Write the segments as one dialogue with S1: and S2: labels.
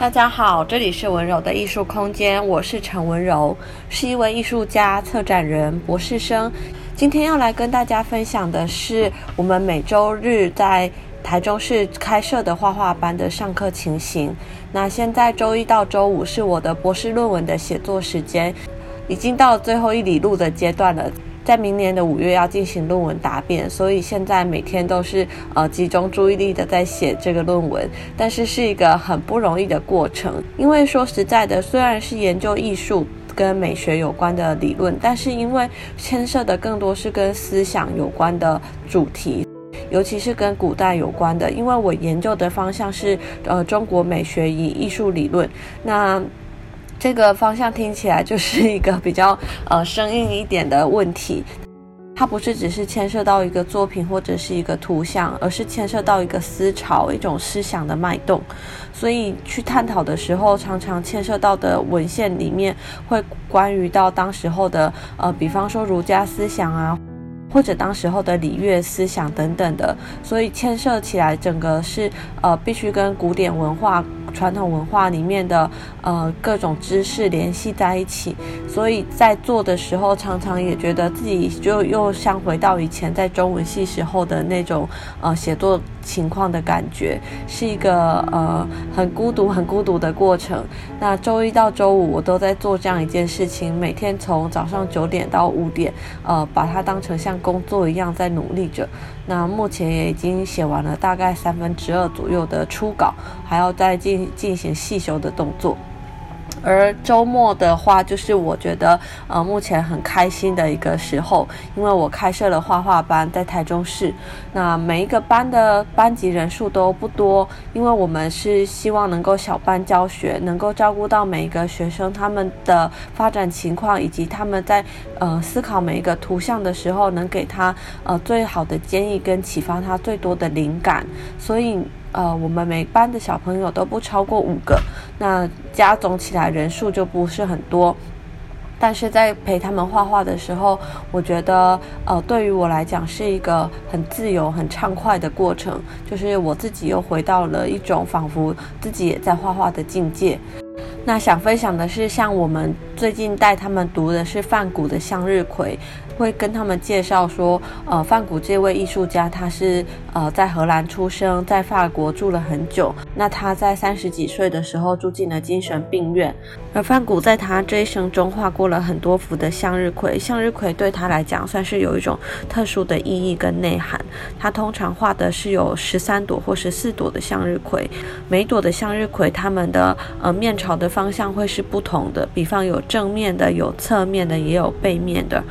S1: 大家好，這裡是文柔的藝術空間，我是陳文柔，是一位藝術家、策展人、博士生。今天要來跟大家分享的是我們每周日在台中市開設的畫畫班的上課情形。那現在周一到周五是我的博士論文的寫作時間，已經到最後一里路的階段了。在明年的五月要進行論文答辯，所以現在每天都是呃集中注意力的在寫這個論文，但是是一個很不容易的過程。因為說實在的，雖然是研究藝術跟美學有關的理論，但是因為牽涉的更多是跟思想有關的主題，尤其是跟古代有關的。因為我研究的方向是呃中國美學與藝術理論，那。這個方向聽起來就是一個比較呃生硬一點的問題，它不是只是牽涉到一個作品或者是一個圖像，而是牽涉到一個思潮、一種思想的脈動，所以去探討的時候，常常牽涉到的文獻裡面會關於到當時候的呃，比方說儒家思想啊，或者當時候的禮樂思想等等的，所以牽涉起來整個是呃必須跟古典文化。傳統文化裡面的呃各種知識聯繫在一起，所以在做的時候，常常也覺得自己就又像回到以前在中文系時候的那種呃寫作情況的感覺，是一個呃很孤獨、很孤獨的過程。那周一到周五我都在做這樣一件事情，每天從早上九點到五點，呃，把它當成像工作一樣在努力着。那目前也已經寫完了大概三分之二左右的初稿，還要再進進行細修的動作。而週末的話，就是我覺得，呃，目前很開心的一個時候，因為我開設了畫畫班在台中市，那每一個班的班級人數都不多，因為我們是希望能夠小班教學，能夠照顧到每一個學生他們的發展情況，以及他們在呃思考每一個圖像的時候，能給他呃最好的建議跟啟發他最多的靈感，所以。呃，我們每班的小朋友都不超過五個，那加總起來人數就不是很多。但是在陪他們畫畫的時候，我覺得，呃，對於我來講是一個很自由、很暢快的過程，就是我自己又回到了一種仿佛自己也在畫畫的境界。那想分享的是，像我們最近帶他們讀的是梵谷的《向日葵》。會跟他們介紹說，呃，梵谷這位藝術家，他是呃在荷蘭出生，在法國住了很久。那他在三十幾歲的時候住進了精神病院，而梵谷在他這一生中畫過了很多幅的向日葵。向日葵對他來講算是有一種特殊的意義跟內涵。他通常畫的是有十三朵或十四朵的向日葵，每朵的向日葵他們的呃面朝的方向會是不同的，比方有正面的，有側面的，也有背面的。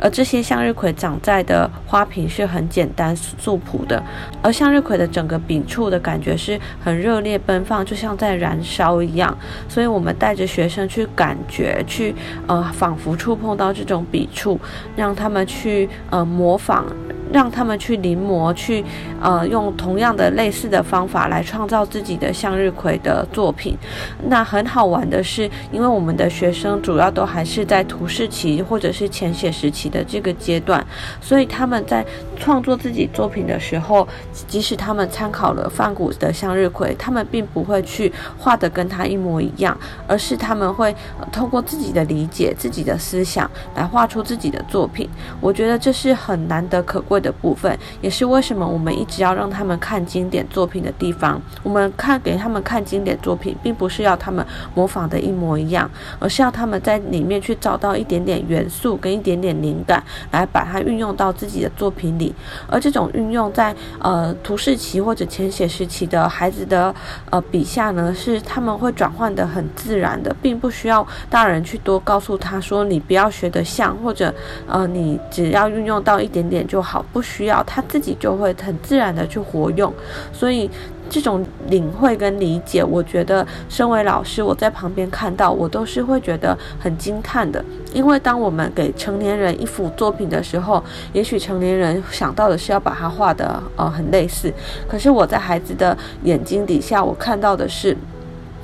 S1: 而這些向日葵長在的花瓶是很簡單素樸的，而向日葵的整個筆觸的感覺是很熱烈奔放，就像在燃燒一樣。所以我們帶着學生去感覺，去呃仿佛觸碰到這種筆觸，讓他們去呃模仿。讓他們去臨摹，去呃用同樣的類似的方法來創造自己的向日葵的作品。那很好玩的是，因為我們的學生主要都還是在圖式期或者是前寫時期的這個階段，所以他們在創作自己作品的時候，即使他們參考了梵谷的向日葵，他們並不會去畫得跟他一模一樣，而是他們會，呃，通過自己的理解、自己的思想來畫出自己的作品。我覺得這是很難得可貴的部分，也是為什麼我們一直要讓他們看經典作品的地方。我們看給他們看經典作品，並不是要他們模仿的一模一樣，而是要他們在裡面去找到一點點元素跟一點點靈感，來把它運用到自己的作品裡。而這種運用在，在呃圖式期或者前寫時期的孩子的呃筆下呢，是他們會轉換的很自然的，並不需要大人去多告訴他說，你不要學得像，或者呃你只要運用到一點點就好。不需要，他自己就會很自然的去活用，所以這種領會跟理解，我覺得身為老師，我在旁邊看到，我都是會覺得很驚嘆的。因為當我們給成年人一幅作品的時候，也許成年人想到的是要把它畫得呃很類似，可是我在孩子的眼睛底下，我看到的是。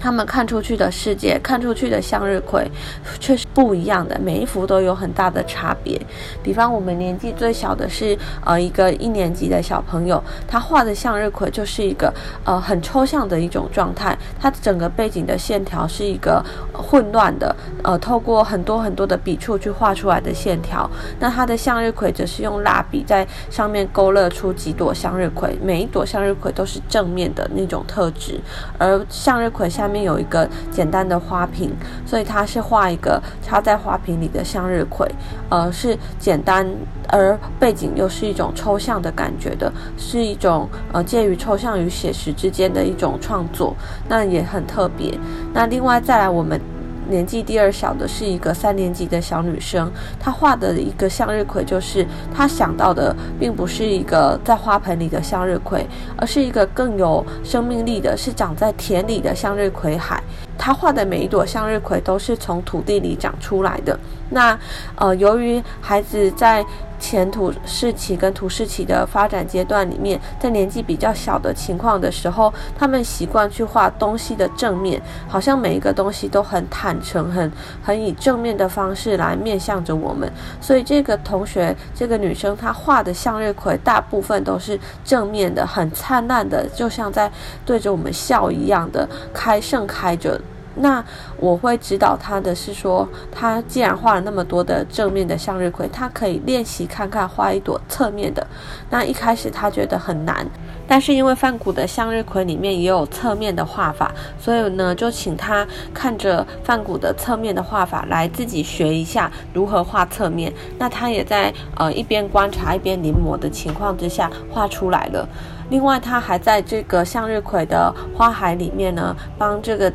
S1: 他們看出去的世界，看出去的向日葵，卻是不一樣的。每一幅都有很大的差別。比方我們年紀最小的是，呃，一個一年級的小朋友，他畫的向日葵就是一個，呃，很抽象的一種狀態。他整個背景的線條是一個，呃，混亂的，呃，透過很多很多的筆觸去畫出來的線條。那他的向日葵則是用蠟筆在上面勾勒出幾朵向日葵，每一朵向日葵都是正面的那種特質，而向日葵下面。面有一個簡單的花瓶，所以它是畫一個插在花瓶裡的向日葵，呃，是簡單而背景又是一種抽象的感覺的，是一種呃介於抽象與寫實之間的一種創作，那也很特別。那另外再來我們。年紀第二小的是一個三年級的小女生，她畫的一個向日葵，就是她想到的，並不是一個在花盆裡的向日葵，而是一個更有生命力的，是長在田裡的向日葵海。她畫的每一朵向日葵都是從土地裡長出來的。那，呃，由於孩子在。前圖式期跟圖式期的發展階段裡面，在年紀比較小的情況的時候，他們習慣去畫東西的正面，好像每一個東西都很坦誠，很很以正面的方式來面向着我們。所以這個同學，這個女生，她畫的向日葵大部分都是正面的，很燦爛的，就像在對着我們笑一樣的開盛開着。那我會指導他的是說，他既然畫了那麼多的正面的向日葵，他可以練習看看畫一朵側面的。那一開始他覺得很難，但是因為梵谷的向日葵裡面也有側面的畫法，所以呢就請他看着梵谷的側面的畫法來自己學一下如何畫側面。那他也在呃一邊觀察一邊臨摹的情況之下畫出來了。另外，他還在這個向日葵的花海裡面呢，幫這個。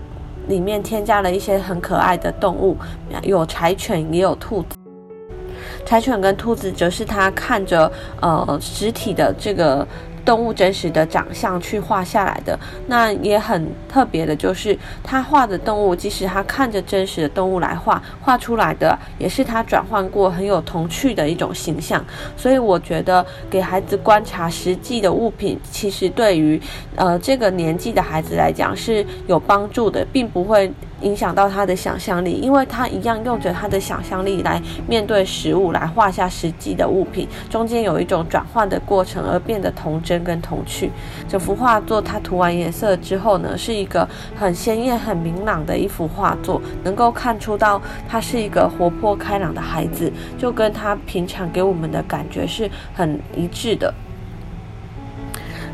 S1: 裡面添加了一些很可愛的動物，有柴犬，也有兔子。柴犬跟兔子則是他看着呃實體的這個。動物真實的長相去畫下來的。那也很特別的，就是他畫的動物，即使他看着真實的動物來畫，畫出來的也是他轉換過很有童趣的一種形象。所以我覺得給孩子觀察實際的物品，其實對於呃這個年紀的孩子來講是有幫助的，並不會。影響到他的想象力因為他一樣用着他的想象力來面對實物，來畫下實際的物品，中間有一種轉換的過程，而變得童真跟童趣。整幅畫作，他塗完顏色之後呢，是一個很鮮豔、很明朗的一幅畫作，能夠看出到他是一個活潑開朗的孩子，就跟他平常給我們的感覺是很一致的。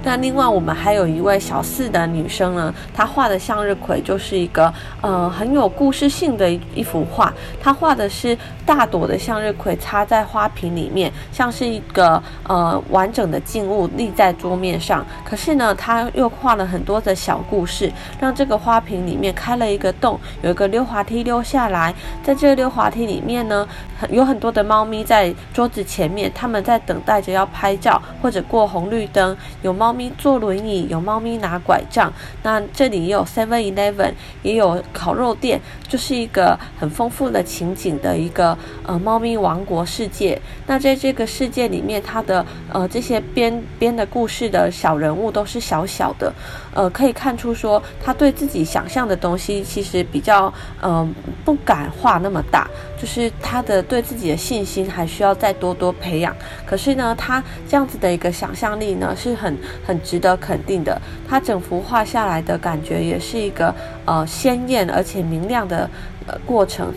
S1: 那另外，我們還有一位小四的女生呢，她畫的向日葵就是一個呃很有故事性的一一幅畫，她畫的是。大朵的向日葵插在花瓶裡面，像是一個呃完整的靜物立在桌面上。可是呢，他又畫了很多的小故事，讓這個花瓶裡面開了一個洞，有一個溜滑梯溜下來。在這個溜滑梯裡面呢，有很多的貓咪在桌子前面，它們在等待着要拍照，或者過紅綠燈。有貓咪坐輪椅，有貓咪拿拐杖。那這裡也有 Seven Eleven，也有烤肉店，就是一個很豐富的情景的一個。呃，貓咪王國世界，那在這個世界裡面，他的呃這些編編的故事的小人物都是小小的，呃，可以看出說他對自己想象的東西其實比較呃不敢畫那麼大，就是他的對自己的信心還需要再多多培養。可是呢，他這樣子的一個想象力呢是很很值得肯定的，他整幅畫下來的感覺也是一個呃鮮豔而且明亮的，呃，過程。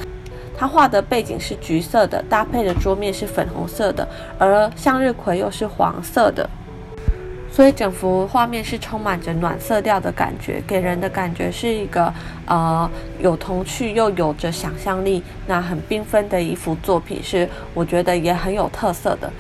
S1: 他畫的背景是橘色的，搭配的桌面是粉紅色的，而向日葵又是黃色的，所以整幅畫面是充滿着暖色調的感覺，給人的感覺是一個呃有童趣又有着想象力，那很繽紛的一幅作品，是我覺得也很有特色的。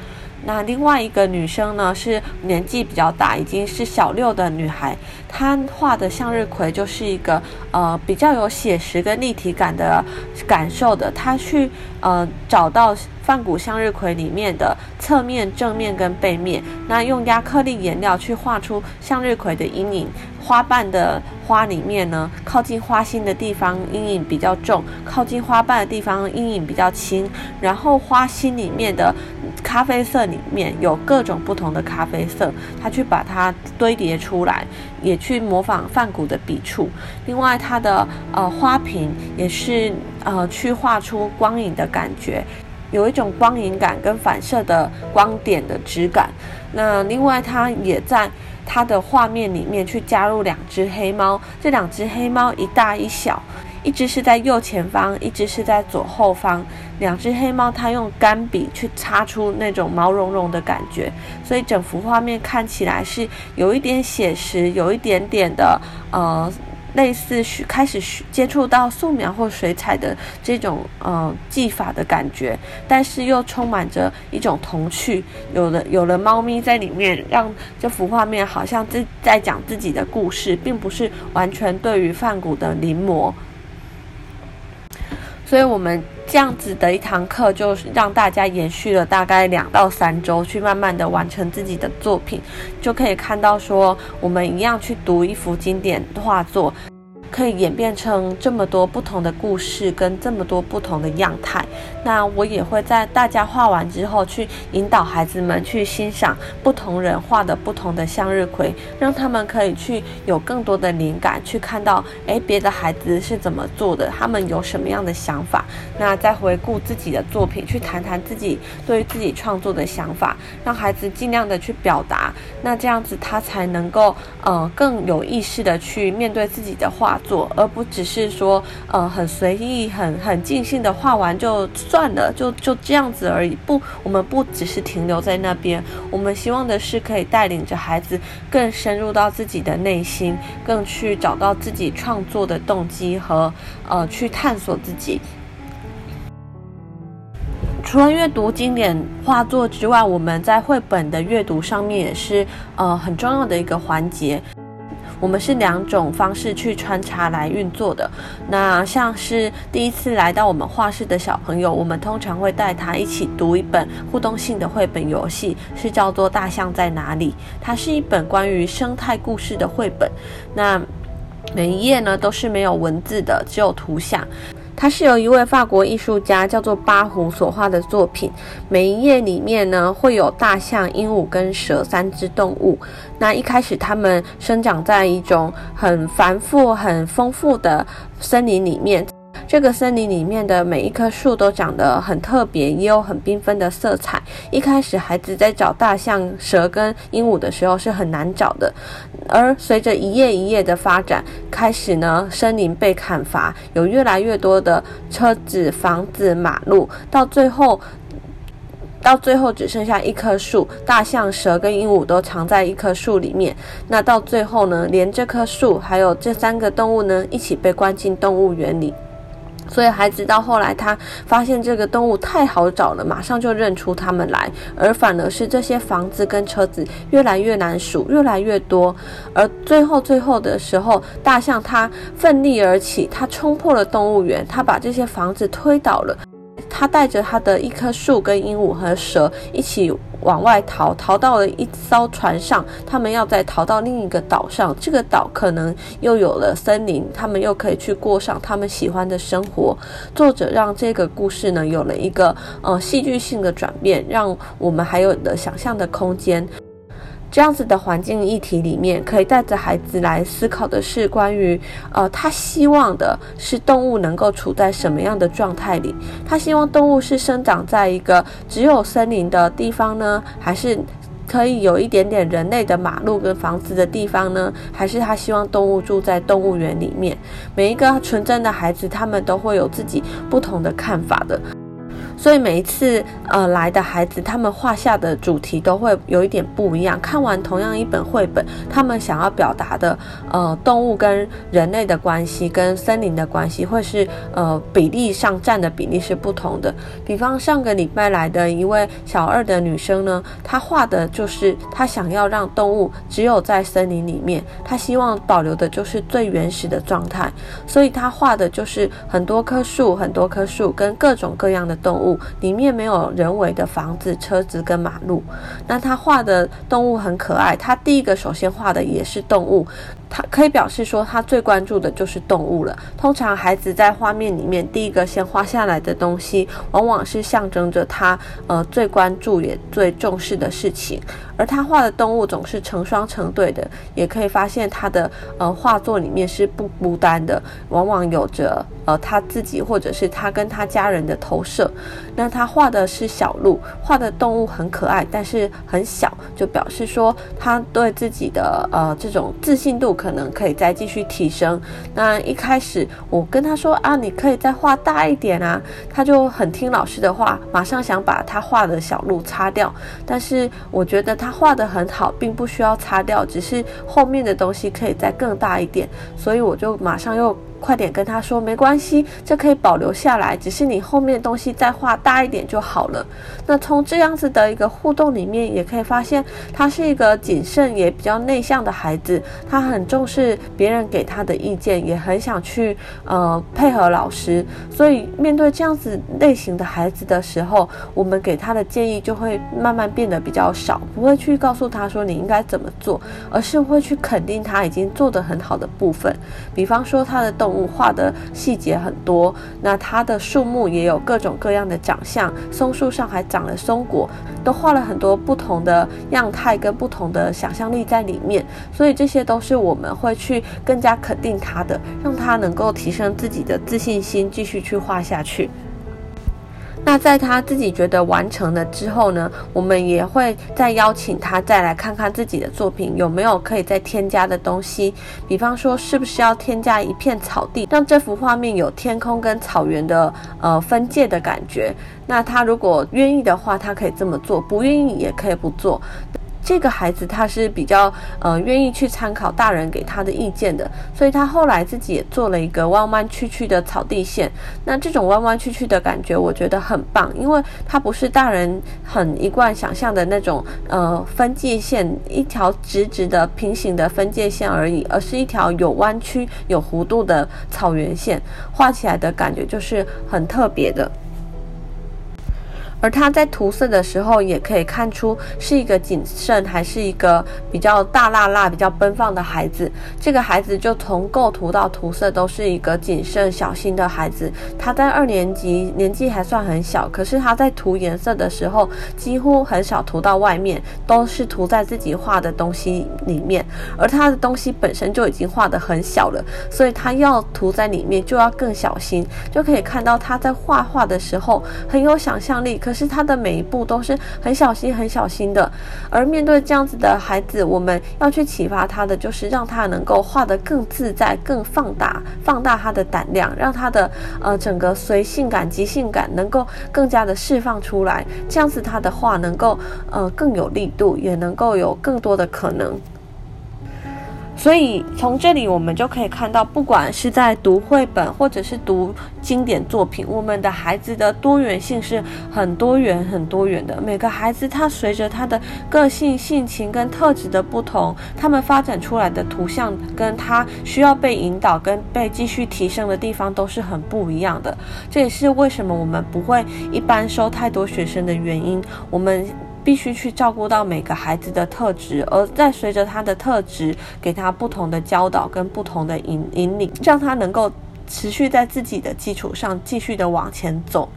S1: 那另外一個女生呢，是年紀比較大，已經是小六的女孩。她畫的向日葵就是一個呃比較有寫實跟立體感的感受的。她去呃找到梵谷向日葵裡面的側面、正面跟背面，那用壓克力顏料去畫出向日葵的陰影。花瓣的花裡面呢，靠近花心的地方陰影比較重，靠近花瓣的地方陰影比較輕。然後花心裡面的。咖啡色裡面有各種不同的咖啡色，他去把它堆疊出來，也去模仿梵谷的筆觸。另外，他的呃花瓶也是呃去畫出光影的感覺，有一種光影感跟反射的光點的質感。那另外，他也在他的畫面裡面去加入兩隻黑貓，這兩隻黑貓一大一小。一隻是在右前方，一隻是在左後方，兩隻黑貓，它用乾筆去擦出那種毛茸茸的感覺，所以整幅畫面看起來是有一點寫實，有一點點的呃類似開始接觸到素描或水彩的這種呃技法的感覺，但是又充滿着一種童趣。有了有了貓咪在裡面，讓這幅畫面好像自在講自己的故事，並不是完全對於梵谷的臨摹。所以，我們這樣子的一堂課，就讓大家延續了大概兩到三周，去慢慢的完成自己的作品，就可以看到說，我們一樣去讀一幅經典畫作。可以演變成這麼多不同的故事，跟這麼多不同的樣態。那我也會在大家畫完之後，去引導孩子們去欣賞不同人畫的不同的向日葵，讓他們可以去有更多的靈感，去看到誒，別的孩子是怎麼做的，他們有什麼樣的想法。那再回顧自己的作品，去談談自己對於自己創作的想法，讓孩子盡量的去表達。那這樣子他才能夠呃更有意識的去面對自己的畫。做，而不只是說，呃，很隨意、很很盡興的畫完就算了，就就這樣子而已。不，我們不只是停留在那邊，我們希望的是可以帶領着孩子更深入到自己的內心，更去找到自己創作的動機和，呃，去探索自己。除了閱讀經典畫作之外，我們在繪本的閱讀上面也是，呃，很重要的一個環節。我們是兩種方式去穿插來運作的。那像是第一次來到我們畫室的小朋友，我們通常會帶他一起讀一本互動性的繪本遊戲，是叫做《大象在哪裡》。它是一本關於生態故事的繪本。那每一頁呢都是沒有文字的，只有圖像。它是由一位法國藝術家叫做巴胡所畫的作品，每一頁裡面呢會有大象、鸚鵡跟蛇三隻動物。那一開始它們生長在一種很繁複、很豐富的森林裡面。這個森林裡面的每一棵樹都長得很特別，也有很繽紛的色彩。一開始，孩子在找大象、蛇跟鸚鵡的時候是很難找的。而隨着一頁一頁的發展，開始呢，森林被砍伐，有越來越多的車子、房子、馬路，到最後，到最後只剩下一棵樹，大象、蛇跟鸚鵡都藏在一棵樹裡面。那到最後呢，連這棵樹還有這三個動物呢，一起被關進動物園裡。所以，孩子到後來，他發現這個動物太好找了，馬上就認出他們來，而反而是這些房子跟車子越來越難數，越來越多。而最後最後的時候，大象它奮力而起，它衝破了動物園，它把這些房子推倒了。他帶着他的一棵樹，跟鸚鵡和蛇一起往外逃，逃到了一艘船上。他們要再逃到另一個島上，這個島可能又有了森林，他們又可以去過上他們喜歡的生活。作者讓這個故事呢有了一個呃戲劇性的轉變，讓我們還有了想象的空間。這樣子的環境議題裡面，可以帶着孩子來思考的是關於，呃，他希望的是動物能夠處在什麼樣的狀態裡？他希望動物是生長在一個只有森林的地方呢，還是可以有一點點人類的馬路跟房子的地方呢？還是他希望動物住在動物園裡面？每一個純真的孩子，他們都會有自己不同的看法的。所以每一次呃來的孩子，他們畫下的主題都會有一點不一樣。看完同樣一本繪本，他們想要表達的呃動物跟人類的關係，跟森林的關係，或是呃比例上占的比例是不同的。比方上個禮拜來的一位小二的女生呢，她畫的就是她想要讓動物只有在森林裡面，她希望保留的就是最原始的狀態，所以她畫的就是很多棵樹，很多棵樹跟各種各樣的動物。裡面沒有人為的房子、車子跟馬路，那他畫的動物很可愛。他第一個首先畫的也是動物。他可以表示說，他最關注的就是動物了。通常孩子在畫面裡面第一個先畫下來的東西，往往是象徵着他呃最關注也最重視的事情。而他畫的動物總是成雙成對的，也可以發現他的呃畫作裡面是不孤單的，往往有着呃他自己或者是他跟他家人的投射。那他畫的是小鹿，畫的動物很可愛，但是很小，就表示說他對自己的呃這種自信度，可能可以再繼續提升。那一開始我跟他說啊，你可以再畫大一點啊，他就很聽老師的話，馬上想把他畫的小路擦掉。但是我覺得他畫得很好，並不需要擦掉，只是後面的東西可以再更大一點。所以我就馬上又。快點跟他說沒關係，這可以保留下來，只是你後面東西再畫大一點就好了。那從這樣子的一個互動裡面，也可以發現他是一個謹慎也比較內向的孩子，他很重視別人給他的意見，也很想去呃配合老師。所以面對這樣子類型的孩子的時候，我們給他的建議就會慢慢變得比較少，不會去告訴他說你應該怎麼做，而是會去肯定他已經做得很好的部分，比方說他的動。物畫的細節很多，那它的樹木也有各種各樣的長相，松樹上還長了松果，都畫了很多不同的樣態跟不同的想象力在裡面，所以這些都是我們會去更加肯定它的，讓它能夠提升自己的自信心，繼續去畫下去。那在他自己覺得完成了之後呢，我們也會再邀請他再來看看自己的作品有沒有可以再添加的東西，比方說是不是要添加一片草地，讓這幅畫面有天空跟草原的，呃，分界的感覺。那他如果願意的話，他可以這麼做；不願意也可以不做。這個孩子他是比較呃願意去參考大人給他的意見的，所以他後來自己也做了一個彎彎曲曲的草地線。那這種彎彎曲曲的感覺，我覺得很棒，因為它不是大人很一貫想象的那種呃分界線，一條直直的平行的分界線而已，而是一條有彎曲、有弧度的草原線，畫起來的感覺就是很特別的。而他在塗色的時候，也可以看出是一個謹慎，還是一個比較大辣辣、比較奔放的孩子。這個孩子就從構圖到塗色都是一個謹慎小心的孩子。他在二年級，年紀還算很小，可是他在塗顏色的時候，幾乎很少塗到外面，都是塗在自己畫的東西裡面。而他的東西本身就已經畫得很小了，所以他要塗在裡面就要更小心。就可以看到他在畫畫的時候很有想象力。可是他的每一步都是很小心、很小心的，而面對這樣子的孩子，我們要去啟發他的，就是讓他能夠畫得更自在、更放大，放大他的膽量，讓他的呃整個隨性感、即興感能夠更加的釋放出來。這樣子，他的畫能夠呃更有力度，也能夠有更多的可能。所以從這裡我們就可以看到，不管是在讀繪本或者是讀經典作品，我們的孩子的多元性是很多元、很多元的。每個孩子他隨着他的個性、性情跟特質的不同，他們發展出來的圖像跟他需要被引導、跟被繼續提升的地方都是很不一樣的。這也是為什麼我們不會一般收太多學生的原因。我們，必須去照顧到每個孩子的特質，而再隨着他的特質，給他不同的教導跟不同的引引領，讓他能夠持續在自己的基礎上繼續的往前走。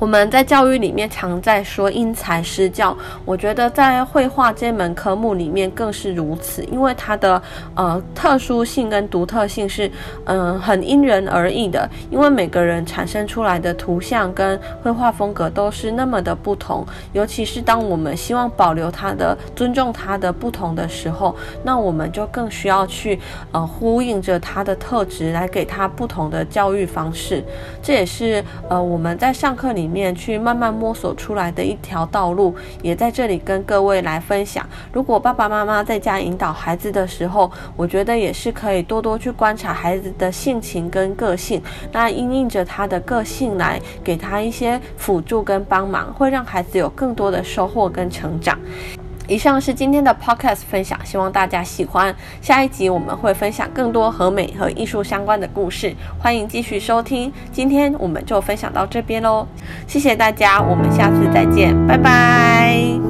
S1: 我們在教育裡面常在說因材施教，我覺得在繪畫這門科目裡面更是如此，因為它的呃特殊性跟獨特性是嗯、呃、很因人而異的，因為每個人產生出來的圖像跟繪畫風格都是那麼的不同，尤其是當我們希望保留他的尊重他的不同的時候，那我們就更需要去呃呼應着他的特質來給他不同的教育方式，這也是呃我們在上課裡。面去慢慢摸索出來的一條道路，也在這裡跟各位來分享。如果爸爸媽媽在家引導孩子的時候，我覺得也是可以多多去觀察孩子的性情跟個性，那因應著他的個性來給他一些輔助跟幫忙，會讓孩子有更多的收穫跟成長。以上是今天的 Podcast 分享，希望大家喜歡。下一集我們會分享更多和美和藝術相關的故事，歡迎繼續收聽。今天我們就分享到這邊嘍，謝謝大家，我們下次再見，拜拜。